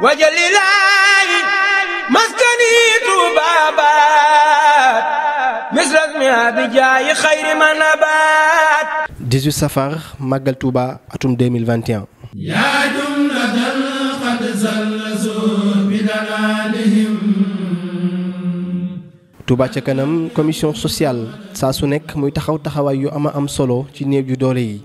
wajalilaayi maskani tuubaabaat misrasmi abijaayi xayri ma nabaat safar màggal Touba atum 2021 yaa jumlatan qad zallazu bi dalalihim Touba ca kanam commission sociale saa su nekk muy taxaw taxawaay yu ama am solo ci néew ju doole yi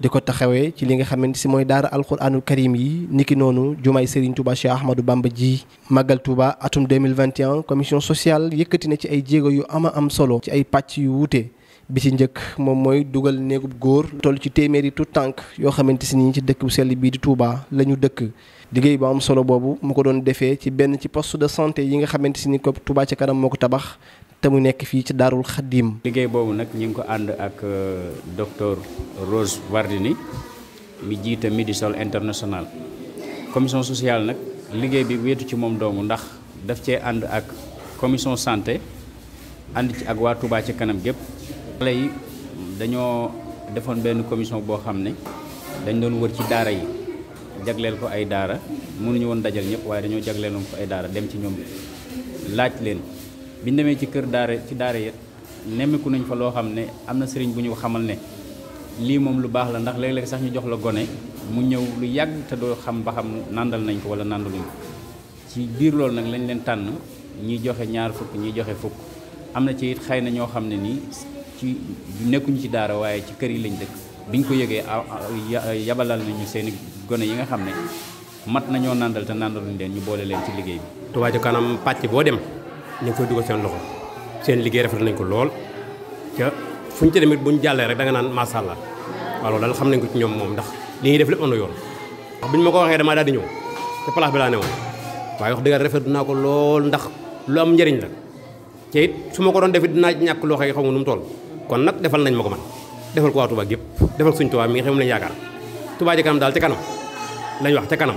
di ko taxawee ci li nga xamante si mooy daara alxuraanul karim yi niki noonu jumaay Serigne Touba Cheikh Ahmadou Bamba ji màggal Touba atum 2021 commission sociale yëkkati na ci ay jéego yu ama am solo ci ay pàcc yu wuute bi ci njëkk moom mooy dugal néegub góor toll ci téeméeri tout tànk yoo xamante si nii ci dëkk bu sell bii di Touba la ñu dëkk liggéey bu am solo boobu mu ko doon defee ci benn ci post de santé yi nga xamante si ni ko Touba ca kanam moo ko tabax te mu nekk fii ci daarul xaddiim liggéey boobu nag ñu ngi ko ànd ak euh, docteur Rose Wardini mi jiite sol international commission social nag liggéey bi wéetu ci moom doomu ndax daf cee ànd ak commission santé ànd ci ak waa Touba ci kanam gépp xale yi dañoo defoon benn commission boo xam ne dañ doon wër ci daara yi jagleel ko ay daara nu ñu woon dajal ñëpp waaye dañoo jagleeloon ko ay daara dem ci ñoom laaj leen bi demee ci kër daara ci daara yet nemmiku nañ fa loo xam ne am na sëriñ bu ñu xamal ne lii moom lu baax la ndax léeg-léeg sax ñu jox la gone mu ñëw lu yàgg te doo xam ba xam nàndal nañ ko wala nàndaluñ ko ci biir loolu nag lañ leen tànn ñiy joxe ñaar fukk ñiy joxe fukk am na ci it xëy na ñoo xam ne nii ci nekkuñu ci daara waaye ci kër yi lañ dëkk biñ ko yëgee yabalal nañu seeni gone yi nga xam ne mat nañoo nàndal te nàndaluñ leen ñu boole leen ci liggéey boo dem ñu ngi koy dugal seen loxo seen liggéey rafet nañ ko lool ca fu ñu ci demit bu ñu jàllee rek danga nga naan macha allah waaw loolu daal xam nañ ko ci ñoom moom ndax li ñuy def lépp am na yoon wax bu ñu ma ko waxee damaa daal di ñëw te place bi ne newoon waaye wax dëgg rafet naa ko lool ndax lu am njëriñ la te it su ma ko doon defit dinaa ñàkk loo xam nga nu mu toll kon nag defal nañ ma ko man defal ko waa Touba gépp defal suñ Touba mi nga xam ne lañu yaakaar Touba ca kanam daal ca kanam lañ wax ca kanam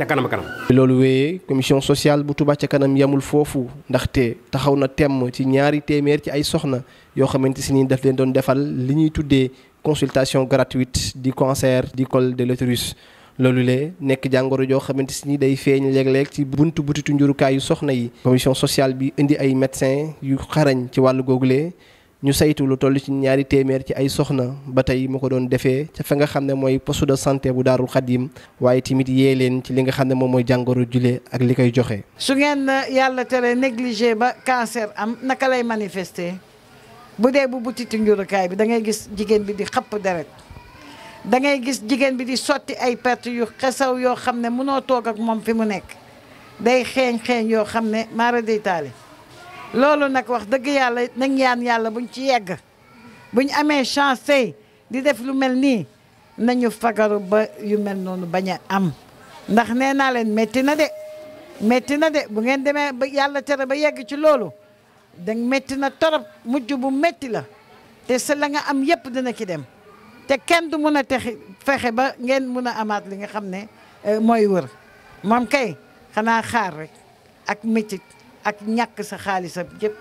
ca kanam loolu wéyee commission sociale bu Touba ca kanam yemul foofu ndaxte taxaw na temm ci ñaari téeméer ci ay soxna yoo xamante si nii daf leen doon defal li ñuy tuddee consultation gratuite di cancer di col de l'utérus loolu le nekk jàngoro joo xamante si ni day feeñ léeg-léeg ci buntu butitu yu soxna yi. commission sociale bi indi ay médecins yu xarañ ci wàllu googule ñu saytu lu toll ci ñaari téeméer ci ay soxna ba tey mu ko doon defee ca fa nga xam ne mooy poste de santé bu daarul xadim waaye tamit yee leen ci li nga xam ne moom mooy jàngoro jule ak li koy joxe. su ngeen eh, yàlla tere négligé ba cancer am naka lay manifesté bu dee bu butitu njurukaay bi da ngay gis jigéen bi di xapp deret da ngay gis jigéen bi di sotti ay perte yu xesaw yoo xam ne mënoo toog ak moom fi mu nekk day xeeñ xeeñ yoo xam ne maara day taali loolu nag wax dëgg yàlla nañ yaan yàlla buñ ci yegg ñu amee chance di def lu mel nii nañu fagaru ba yu mel noonu bañ a am ndax nee naa leen métti na de métti na de bu ngeen demee ba yàlla tere ba yegg ci loolu da métti na torop mujj bu métti la te sa la nga am yëpp dina ci dem te kenn du mun a texi fexe ba ngeen mun a amaat li nga xam ne eh, mooy wër moom kay xanaa xaar rekk ak métit ak ñàkk sa xaalisam yëpp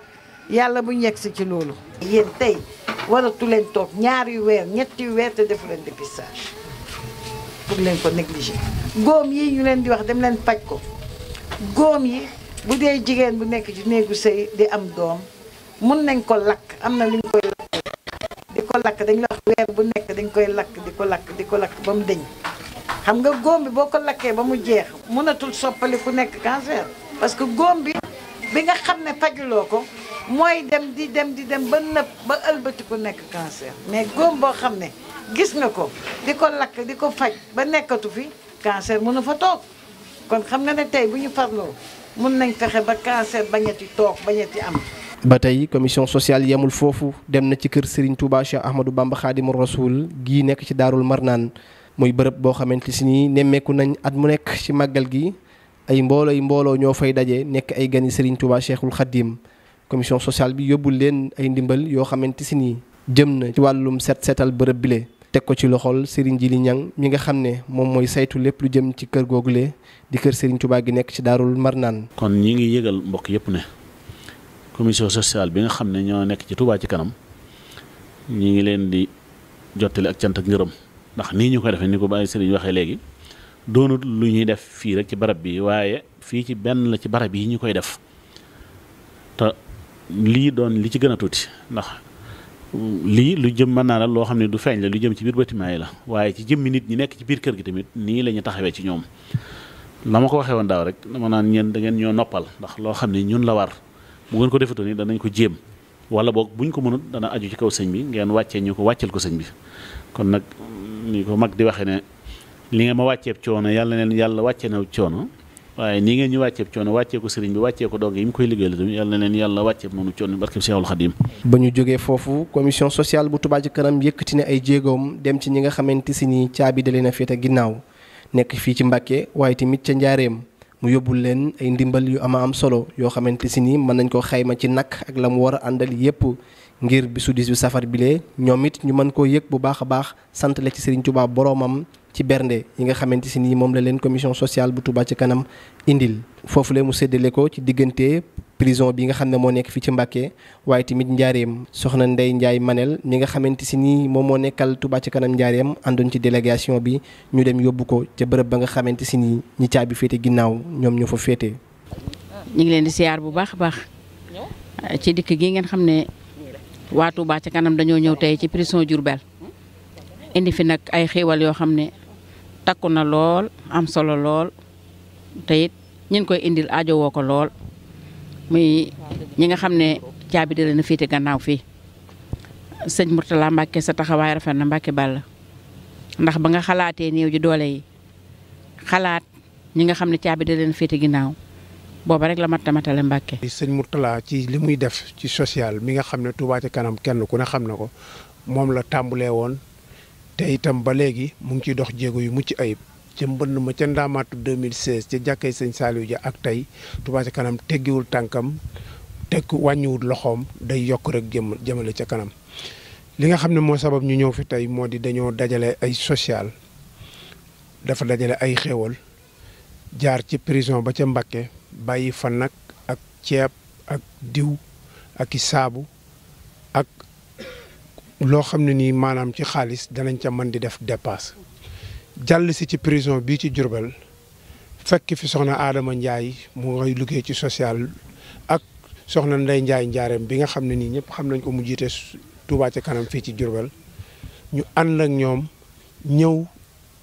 yàlla bu ñu si ci loolu. yéen tey waratu leen toog ñaari weer ñetti weer te defu leen dépistage pour leen ko négliger. góom yi ñu leen di wax dem leen faj ko góom yi bu dee jigéen bu nekk ci néegu sëy di am doom mun nañ ko lakk am na lu ñu koy lakk di ko lakk dañ la wax weer bu nekk dañ koy lakk di ko lakk di ko lakk ba mu deñ xam nga góom bi boo ko lakkee ba mu jeex mënatul soppali ku nekk cancer parce góom bi. bi nga xam ne fajuloo ko mooy dem di dem di dem ba nëb ba ëlbatiku nekk cancer mais góom boo xam ne gis nga ko di ko lakk di ko faj ba nekkatu fi cancer mënu fa toog kon xam nga ne tey bu ñu farloo mën nañ fexe ba cancer bañati toog bañati am ba tey commission sociale yemul foofu dem na ci kër Serigne Touba Cheikh Ahmadou Bamba Khadimou Rasoul gii nekk ci daarul Marnaan muy bërëb boo xamante si nii nemmeeku nañ at mu nekk ci màggal gi ay mbooloo yi mbooloo ñoo fay daje nekk ay gani Serigne Touba Cheikhul Khadim commission sociale bi yóbbul leen ay ndimbal yoo xamante si nii jëm na ci wàllum set seetal bërëb bile. teg ko ci loxol Serigne Jili Ñang mi nga xam ne moom mooy saytu lépp lu jëm ci kër googule di kër Serigne Touba gi nekk ci Daarul Marnaan. kon ñi ngi yëgal mbokk yëpp ne commission sociale bi nga xam ne ñoo nekk ci Touba ci kanam ñi ngi leen di jottali ak cant ak ngërëm ndax nii ñu koy defee ni ko bàyyi Serigne waxee léegi. doonut lu ñuy def fii rek ci barab bi waaye fii ci benn la ci barab yi ñu koy def te lii doon li ci gën a tuuti ndax lii lu jëm mën naa la loo xam ne du feeñ la lu jëm ci biir bâtiment yi la waaye ci jëm mi nit ñi nekk ci biir kër gi tamit nii la ñu taxawee ci ñoom la ma ko waxee woon daaw rek dama naan ñeen da ngeen ñoo noppal ndax loo xam ne ñun la war bu ngeen ko defatoon ni danañ ko jéem wala boog buñ ko mënut dana aju ci kaw sëñ bi ngeen wàccee ñu ko wàcceel ko sëñ bi kon nag mag di waxee ne li nga ma wàcceeb coono yàlla neen yàlla wàcce na coono waaye nii ngeen ñu wàcceeb coono wàccee ko sëriñ bi wàccee ko dong yi mu koy liggéeyal tamit yàlla neen yàlla wàcceeb noonu coono barkeb Seexul ba ñu jógee foofu commission sociale bu Touba Ca Kanam yëkkati ne ay jéegoom dem ci ñi nga xamante si ni caabi dalee na féete ginnaaw nekk fii ci Mbàkke waaye tamit ca njaareem mu yóbbul leen ay ndimbal yu ama am solo yoo xamante si ni mën nañ ko xayma ci nakk ak la mu war a àndal yépp ngir bisu 18 safar bile ñoom it ñu mën koo yëg bu baax a baax sant la ci Serigne Touba boroomam ci bernde yi nga xamante si nii moom la leen commission sociale bu Touba ci kanam indil. foofu le mu séddale ko ci diggante prison bi nga xam ne moo nekk fii ci Mbàkke waaye tamit njaareem soxna Ndey Njaay Manel ñi nga xamante si nii moom moo nekkal tubaa ci kanam njaareem àndoon ci délégation bi ñu dem yóbbu ko ca bërëb ba nga xamante si nii ñi caabi féete ginnaaw ñoom ñoo fa féete. ñu ngi leen di siyaar bu baax baax ci dikk gi ngeen xam ne waatu Touba ci kanam dañoo ñëw tey ci prison Diourbel indi fi nag ay xéewal yoo xam ne takku na lool am solo lool te it ñun koy indil aajowoo ko lool muy ñi nga xam ne caabi de leen a féete gannaaw fii sëñ Mourtala Mbacke sa taxawaay rafet na Mbacke la ndax ba nga xalaatee néew ji doole yi xalaat ñi nga xam ne caabi de leen féete ginnaaw. booba rek la matamatale Mbàkke. sëñ Mourtala ci li muy def ci social mi nga xam ne Touba ca kanam kenn ku ne xam ne ko moom la tàmbalee woon te itam ba léegi mu ngi ciy dox jéego yu mucc ayib. ca mbënn ma ca ndaamaatu 2016 ca jàkkay sëñ Saliou ja ak tey Touba ca kanam teggiwul tànkam teg wàññiwul loxoom day yokk rek jëm jëmale ca kanam. li nga xam ne moo sabab ñu ñëw fi tey moo di dañoo dajale ay social dafa dajale ay xéwal jaar ci prison ba ca Mbàkke bàyyi fa nag ak ceeb ak diw ak i saabu ak loo xam ne nii maanaam ci xaalis danañ ca mën di def dépasse jàll si ci prison bii ci Diourbel fekk fi soxna Adama Ndiaye mu ngay liggéey ci sociale ak soxna Ndey Ndiaye njaareem bi nga xam ne nii ñëpp xam nañ ko mu jiite Touba ci kanam fii ci Diourbel ñu ànd ak ñoom ñëw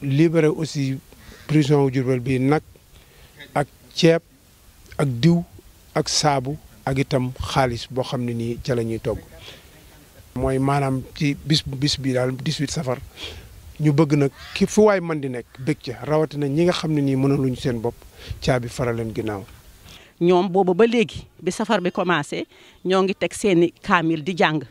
libéré aussi prison wu Diourbel bii nag ak ceeb ak diw ak saabu ak itam xaalis boo xam ne nii ca la ñuy togg mooy maanaam ci bis bis bi daal 18 safar ñu bëgg nag ki fu waay mën di nekk bëgg ca rawatina ñi nga xam ne nii mënaluñu seen bopp caabi faral leen ginnaaw. ñoom boobu ba léegi bi safar bi commencé ñoo ngi teg seeni kaamil di jàng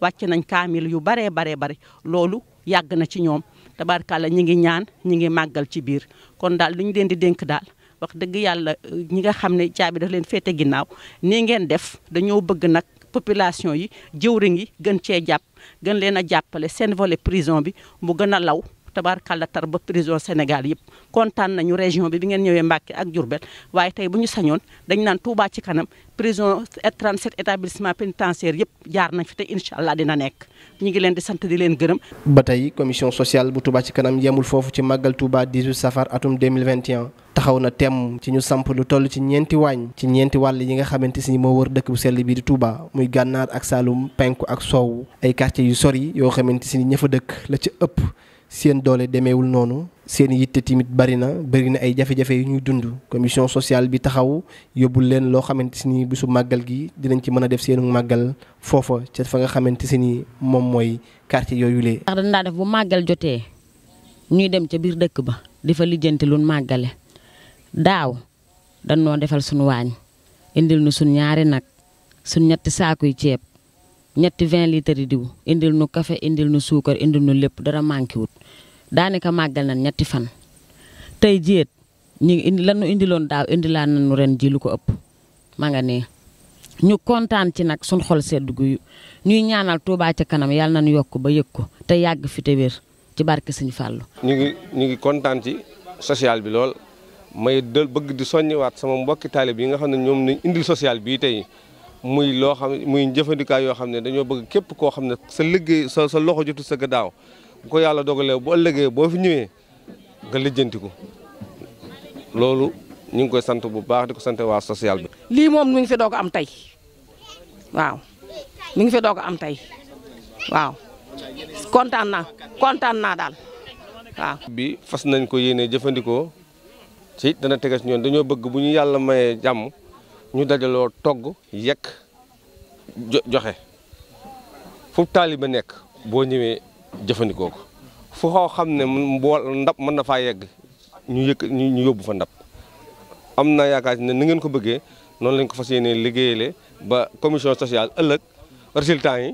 wàcc nañ kaamil yu baree baree bare loolu yàgg na ci ñoom te tabarkàlla ñu ngi ñaan ñu ngi màggal ci biir kon daal lu ñu leen di dénk daal. wax dëgg yàlla ñi nga xam ne caabi daf leen féete ginnaaw ni ngeen def dañoo bëgg nag population yi jëwriñ ngi gën cee jàpp gën leen a jàppale seen vole prison bi mu gën a law tabaarkàlla tar ba prison Sénégal yëpp kontaan nañu région bi bi ngeen ñëwee Mbacke ak Diourbel waaye tey bu ñu sañoon dañ naan Touba ci kanam prison 37 établissement pénitentiaire yëpp jaar nañ fi te incha allah dina nekk ñu ngi leen di sant di leen gërëm. ba tey commission sociale bu Touba ci kanam yemul foofu ci màggal Touba 18 safar atum 2021 taxaw na temm ci ñu samp lu toll ci ñeenti waañ ci ñeenti wàll yi nga xamante si moo war dëkk bu sell bii di Touba muy gànnaar ak Saloum penku ak soow ay quartier yu sori yoo xamante si ña fa dëkk la ci ëpp. seen doole demeewul noonu seen yitte tamit bari na bari na ay jafe-jafe yu ñuy dund commission sociale bi taxaw yóbbul leen loo xamante si ni bisu màggal gi dinañ ci mën a def seenu màggal foofa ca fa nga xamante si ni moom mooy quartier yooyu le ndax dañ def bu màggal jotee ñuy dem ca biir dëkk ba di fa lijjanti lu màggale daaw dañ noo defal suñu waañ indil nu suñ ñaari nag suñ ñetti saakuy ceeb. ñetti vingt litres yi diw indil nu kafe indil nu suukar indil nu lépp dara manqué wut daanaka màggal na ñetti fan tey jiet ñu indi lan nu indiloon daaw indilaa nañu ren ji lu ko ëpp ma nga ñu kontaan ci nag suñ xol sedd gu ñuy ñaanal Touba ci kanam yàlla nañu yokk ba yëg ko te yàgg fi te wér ci barke Sëñ Fàllu ñu ngi ñu ngi kontaan ci social bi lool may dël bëgg di soññiwaat sama mbokki taalib yi nga xam ne ñoom nañ indil social bii tey muy loo xam muy jëfandikaay yoo xam ne dañoo bëgg képp koo xam ne sa liggéey sa sa loxo jotu sa gannaaw bu ko yàlla dogalee boo ëllëgee boo fi ñëwee nga lijjantiku loolu ñu ngi koy sant bu baax di ko sant waa social bi. lii moom mi ngi doog am tey waaw mi ngi fi doog am tey waaw kontaan naa daal waaw. bi fas nañ ko yéene jëfandikoo ci dana tege si ñoom dañoo bëgg bu ñu yàlla mayee jàmm. ñu dajaloo togg yekk joxe fu taaliba nekk boo ñëwee jëfandikoo ko fu xam ne mbool ndab mën na faa yegg ñu yëkk ñu yóbbu fa ndab am na yaakaar ne ni ngeen ko bëggee noonu lañ ko fa yéenee liggéeyale ba commission sociale ëllëg résultat yi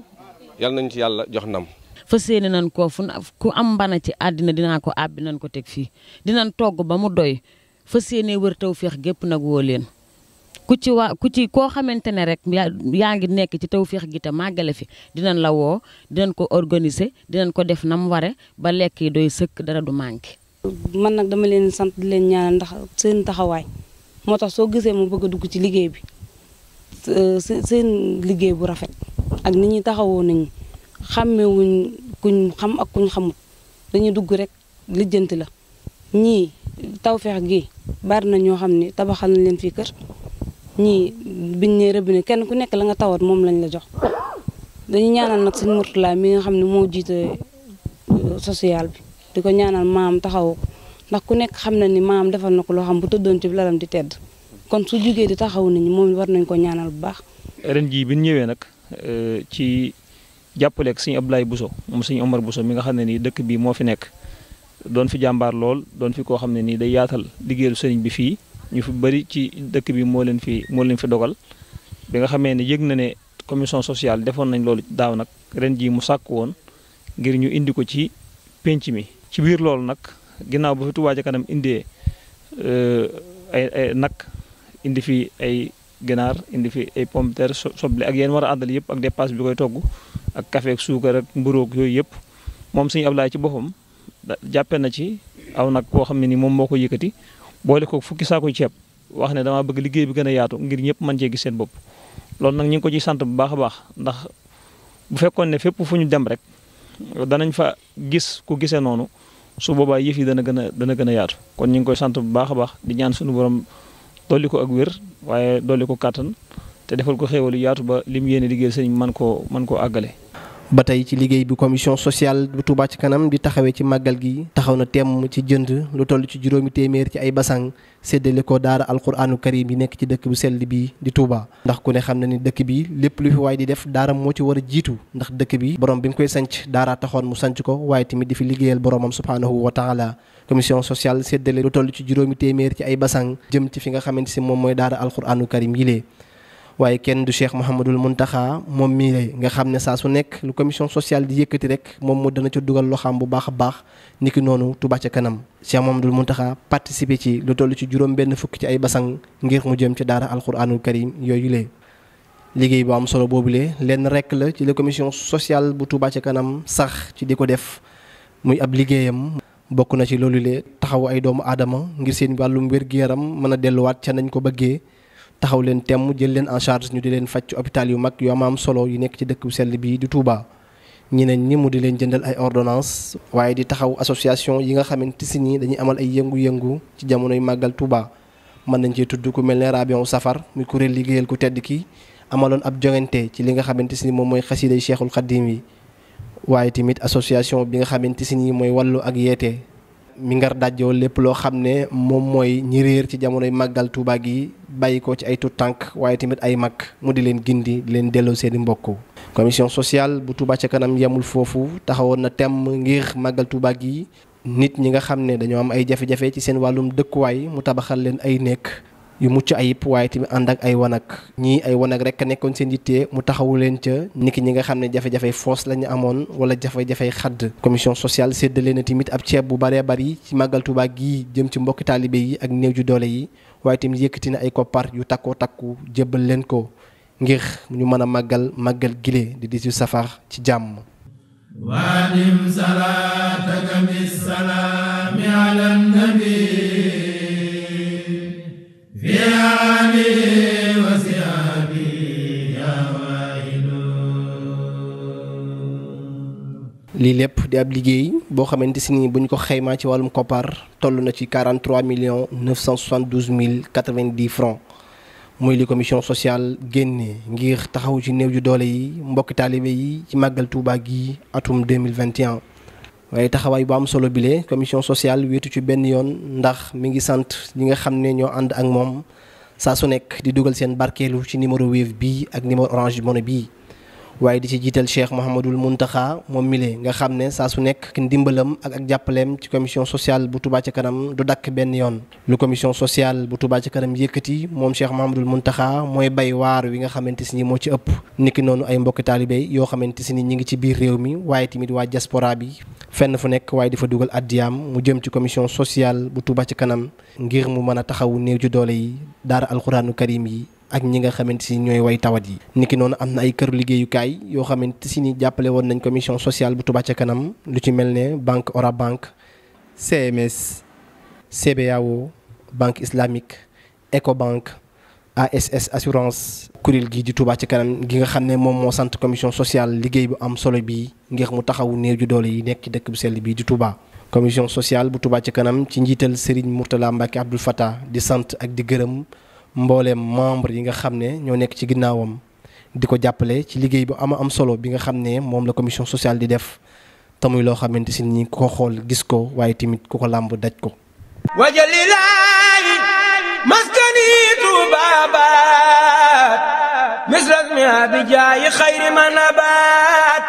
yal nañ ci yàlla jox ndam. fas yéene nan ko fu ku am mbana ci àddina dinaa ko àbbi nañ ko teg fii dinañ togg ba mu doy fas yéene wër taw féex gépp nag woo leen. ku ci waa ku ci koo xamante ne rek yaa ngi nekk ci Tawfekh gi te màggale fi dinañ la woo dinañ ko organiser dinañ ko def na mu ware ba lekk yi doy sëkk dara du manqué. man nag dama leen sant di leen ñaanal ndax seen taxawaay moo tax soo gisee mu bëgg a dugg ci liggéey bi euh, seen liggéey bu rafet ak ni ñi taxawoo nañu xàmmewuñ kuñ xam ak kuñ xamut dañuy dugg rek lijjanti la ñii Tawfekh gi bari na ñoo xam ne tabaxal na leen fii kër. ñii biñ ne robinet kenn ku nekk la nga tawat moom lañ la jox dañu ñaanal nag sëñ Mourtala mi nga xam ne moo jiite euh, sociale bi di ko ñaanal maam taxaw ndax ku nekk xam na ni maam defal na ko loo xam bu tëddoon ci di tedd kon su jugee di taxaw nit ñi moom war nañ ko ñaanal bu baax. ren jii bi ñëwee nag euh, ci jàppaleeg sëñ Abdoulaye Bousso moom sëñ Omar Bousso mi nga xam ne nii dëkk bii moo fi nekk doon fi jàmbaar lool doon fi koo xam ne nii day yaatal liggéeyu sëriñ bi fii. ñu fi bëri ci dëkk bi moo leen fi moo leen fi dogal bi nga xamee ne yëg na ne commission sociale defoon nañ loolu daaw nag ren jii mu sàkk woon ngir ñu indi ko ci penc mi. ci biir loolu nag ginnaaw bu fi Touba ca kanam indee euh, ay ay indi fi ay ginaar indi fi ay pomme de terre soble ak yéen war a àndal yëpp ak dépasse bi koy togg ak kafe ak suukar ak mburook yooyu yëpp moom Sëñ Ablaay ci boppam jàppe na ci aw nag koo xam ne ni moom moo ko yëkkati. boole ko fukki saako ceeb wax ne damaa bëgg liggéey bi gën a yaatu ngir ñëpp mën cee gis seen bopp loolu nag ñu ngi ko ciy sant bu baax a baax ndax bu fekkoon ne fépp fu ñu dem rek danañ fa gis ku gisee noonu su boobaa yëf yi dana gën a dana gën a yaatu kon ñu ngi koy sant bu baax a baax di ñaan suñu borom dolli ko ak wér waaye dolli ko kàttan te defal ko xéewal yu yaatu ba lim yéene liggéey sëñ man koo mën koo àggale ba tey ci liggéey bi commission sociale bu Touba ci kanam di taxawee ci màggal gi taxaw na temm ci jënd lu toll ci juróomi téeméer ci ay basang séddale ko daara alquraanu karim yi nekk ci dëkk bu sell bi di Touba. ndax ku ne xam na ni dëkk bi lépp lu waay di def daara moo ci war a jiitu ndax dëkk bi borom bi mu koy sanc daara taxoon mu sanc ko waaye tamit di fi liggéeyal boromam subhaanahu wa taala commission sociale séddale lu toll ci juróomi téeméer ci ay basang jëm ci fi nga xamante si moom mooy daara alquraanu karim yi lee waaye kenn du Cheikh Mouhamadul Mountakha moom mii lay nga xam ne saa su nekk lu commission sociale di yëkkati rek moom mu dana ca dugal loxaam bu baax a baax niki noonu Touba ca kanam Cheikh Mouhamadul Mountakha participer ci lu toll ci juróom benn fukki ci ay basang ngir mu jëm ci daara alquranul karim yooyu lee liggéey bu am solo boobule lenn rek la ci la commission sociale bu Touba ca kanam sax ci di ko def muy ab liggéeyam. bokk na ci loolu le ay doomu aadama ngir seen wàllum wér-gu-yaram mën a delluwaat ca nañ ko bëggee. taxaw leen temm jël leen en charge ñu di leen faj ci hôpital yu mag yu am solo yu nekk ci dëkk bu sell bi di Touba. ñeneen ñi mu di leen jëndal ay ordonnance waaye di taxaw association yi nga xamante si nii dañuy amal ay yëngu-yëngu ci jamono jamonoy màggal Touba. mën nañ cee tudd ku mel ne Rabion Safar muy kuréel liggéeyal ku tedd ki amaloon ab joŋante ci li nga xamante si ni moom mooy xasiday Cheikhul Khadim yi waaye tamit association bi nga xamante si nii mooy wàllu ak yeete. mi ngar dajjoo lépp loo xam ne moom mooy ñi réer ci jamonoy màggal Tuuba yi bàyyi ko ci ay tut tànk waaye tamit ay mag mu di leen gindi di leen delloo seeni mbokk commission sociale bu Tuuba ca kanam yemul foofu taxawoon na tem ngir màggal Tuuba gi nit ñi nga xam ne dañoo am ay jafe-jafe ci seen wàllum dëkkuwaay mu tabaxal leen ay nekk yu mucc ayib waaye tamit ànd ak ay wanag ñii ay wanag rek nekkoon seen yitte mu taxawu leen ca niki ñi nga xam ne jafe-jafe foos lañu amoon wala jafe-jafe xadd commission sociale séddale na tamit ab ceeb bu bare bari ci màggal Tuubaa gi jëm ci mbokki taalibe yi ak néew ju doole yi waaye tamit yëkkati na ay koppar yu takkoo takku jébbal leen ko ngir ñu mën a màggal màggal gile di 18 safar ci jàmm. waadim salaataka bi salaami ala nabi lii lépp di ab liggéey boo xamante si ni bu ko xaymaa ci wàllum koppar toll na ci million 43 millions 972 mille 90 francs muy li commission sociale génne ngir taxaw ci néew ju doole yi mbokki taalibe yi ci màggal Tuubaa gi atum 2021 waaye taxawaay bu am solo bile commission sociale wéetu ci benn yoon ndax mi ngi sant ñi nga xam ne ñoo ànd ak moom saa su nekk di dugal seen barkeelu ci numéro Wave bii ak numéro Orange Money bii. waaye di ci jiital Cheikh Mouhamadul Mountakha moom mile nga xam ne saa su nekk ndimbalam ak jàppaleem ci commission sociale bu Touba ca kanam du dakk benn yoon. lu commission sociale bu Touba ca kanam yëkkati moom Cheikh Mouhamadul Mountakha mooy bay waar wi nga xamante si moo ci ëpp. niki noonu ay mbokki taalibe yoo xamante si ni ñi ngi ci biir réew mi waaye tamit waa diaspora bi fenn fu nekk waaye di fa dugal addiyaam mu jëm ci commission sociale bu Touba ca kanam ngir mu mën a taxawu néew ji doole yi daara alxuraanu karim yi. ak ñi nga xamante si ñooy way tawat yi niki noonu am na ay kër liggéeyukaay yoo xamante si ni jàppale woon nañ commission sociale bu Touba ca kanam lu ci mel ne banque Orabank CMS CBAO banque islamique Ecobank ASS assurance kuréel gii di Touba ci kanam gi nga xam ne moom moo sant commission sociale liggéey bu am solo bii ngir mu taxawu néew ju doole yi nekk ci dëkk bu sell bii di tubaa commission sociale bu tubaa ci kanam ci njiital Serigne Mourtala Mbacke Abdoul Fattah di sant ak di gërëm. mbooleem membre yi nga xam ne ñoo nekk ci ginnaawam di ko jàppale ci liggéey bu ama am solo bi nga xam ne moom la commission sociale di def tamuy loo xamante si ni ko xool gis ko waaye timit ku ko làmb daj ko wajalilaayi maskanitu baabaat misras mi abijaayi xayri manabaat